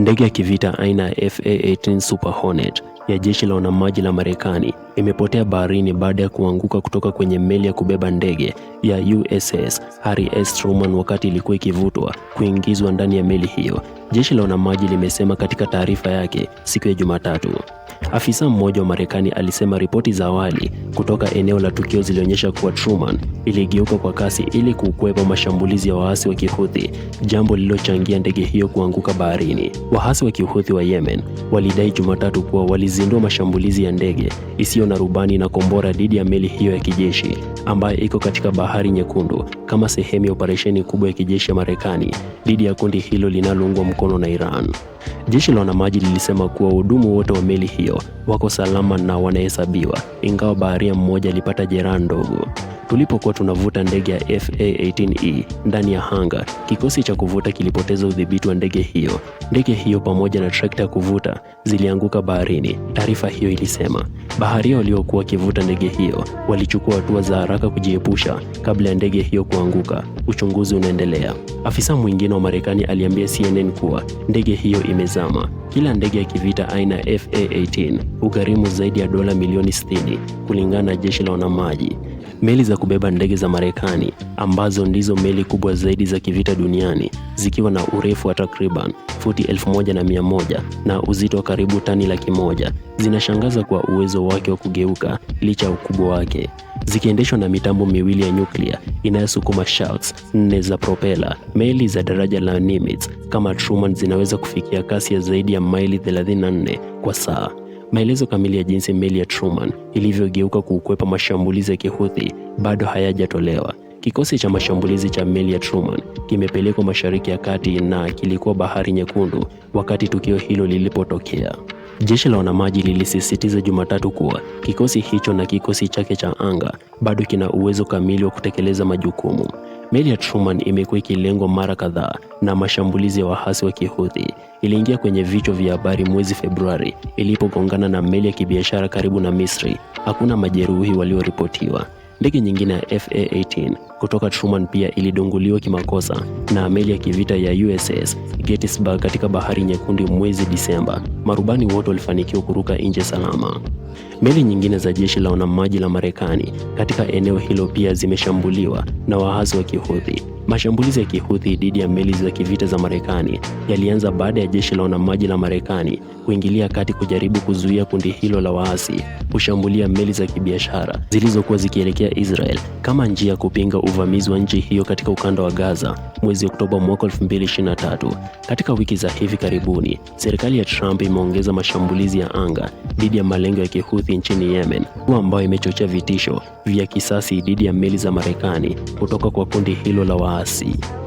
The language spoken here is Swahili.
Ndege ya kivita aina ya FA-18 Super Hornet ya jeshi la wanamaji la Marekani imepotea baharini baada ya kuanguka kutoka kwenye meli ya kubeba ndege ya USS Harry S. Truman wakati ilikuwa ikivutwa kuingizwa ndani ya meli hiyo, jeshi la wanamaji limesema katika taarifa yake siku ya Jumatatu. Afisa mmoja wa Marekani alisema ripoti za awali kutoka eneo la tukio zilionyesha kuwa Truman iligeuka kwa kasi ili kukwepa mashambulizi ya waasi wa Kihuthi, jambo lililochangia ndege hiyo kuanguka baharini. Waasi wa Kihuthi wa Yemen walidai Jumatatu kuwa walizindua mashambulizi ya ndege isiyo na rubani na kombora dhidi ya meli hiyo ya kijeshi ambayo iko katika Bahari Nyekundu kama sehemu ya operesheni kubwa ya kijeshi ya Marekani dhidi ya kundi hilo linaloungwa mkono na Iran. Jeshi la wanamaji lilisema kuwa wahudumu wote wa meli hiyo hiyo wako salama na wanahesabiwa, ingawa baharia mmoja alipata jeraha ndogo. Tulipokuwa tunavuta ndege ya FA-18E ndani ya hanga, kikosi cha kuvuta kilipoteza udhibiti wa ndege hiyo. Ndege hiyo pamoja na trekta ya kuvuta zilianguka baharini, taarifa hiyo ilisema. Baharia waliokuwa wakivuta ndege hiyo walichukua hatua za haraka kujiepusha kabla ya ndege hiyo kuanguka. Uchunguzi unaendelea. Afisa mwingine wa Marekani aliambia CNN kuwa ndege hiyo imezama. Kila ndege ya kivita aina FA-18 hugharimu zaidi ya dola milioni 60 kulingana na jeshi la wanamaji. Meli za kubeba ndege za Marekani ambazo ndizo meli kubwa zaidi za kivita duniani zikiwa na urefu wa takriban futi 1100 na uzito wa karibu tani laki moja zinashangaza kwa uwezo wake wa kugeuka licha ya ukubwa wake, zikiendeshwa na mitambo miwili ya nyuklia inayosukuma shafts nne za propela. Meli za daraja la Nimitz kama Truman zinaweza kufikia kasi ya zaidi ya maili 34 kwa saa Maelezo kamili ya jinsi meli ya Truman ilivyogeuka kuukwepa mashambulizi ya Kihuthi bado hayajatolewa. Kikosi cha mashambulizi cha meli ya Truman kimepelekwa Mashariki ya Kati na kilikuwa Bahari Nyekundu wakati tukio hilo lilipotokea. Jeshi la wanamaji lilisisitiza Jumatatu kuwa kikosi hicho na kikosi chake cha anga bado kina uwezo kamili wa kutekeleza majukumu. Meli ya Truman imekuwa ikilengwa mara kadhaa na mashambulizi ya waasi wa Kihuthi. Iliingia kwenye vichwa vya habari mwezi Februari ilipogongana na meli ya kibiashara karibu na Misri. Hakuna majeruhi walioripotiwa. Ndege nyingine ya FA-18 kutoka Truman pia ilidunguliwa kimakosa na meli ya kivita ya USS Gettysburg katika Bahari Nyekundu mwezi Disemba. Marubani wote walifanikiwa kuruka nje salama. Meli nyingine za jeshi la wanamaji la Marekani katika eneo hilo pia zimeshambuliwa na waasi wa Kihouthi. Mashambulizi ya kihuthi dhidi ya meli za kivita za Marekani yalianza baada ya jeshi la wanamaji la Marekani kuingilia kati kujaribu kuzuia kundi hilo la waasi kushambulia meli za kibiashara zilizokuwa zikielekea Israel kama njia ya kupinga uvamizi wa nchi hiyo katika ukanda wa Gaza mwezi Oktoba mwaka 2023. Katika wiki za hivi karibuni, serikali ya Trump imeongeza mashambulizi ya anga dhidi ya malengo ya kihuthi nchini Yemen, hatua ambayo imechochea vitisho vya kisasi dhidi ya meli za Marekani kutoka kwa kundi hilo la waasi. See.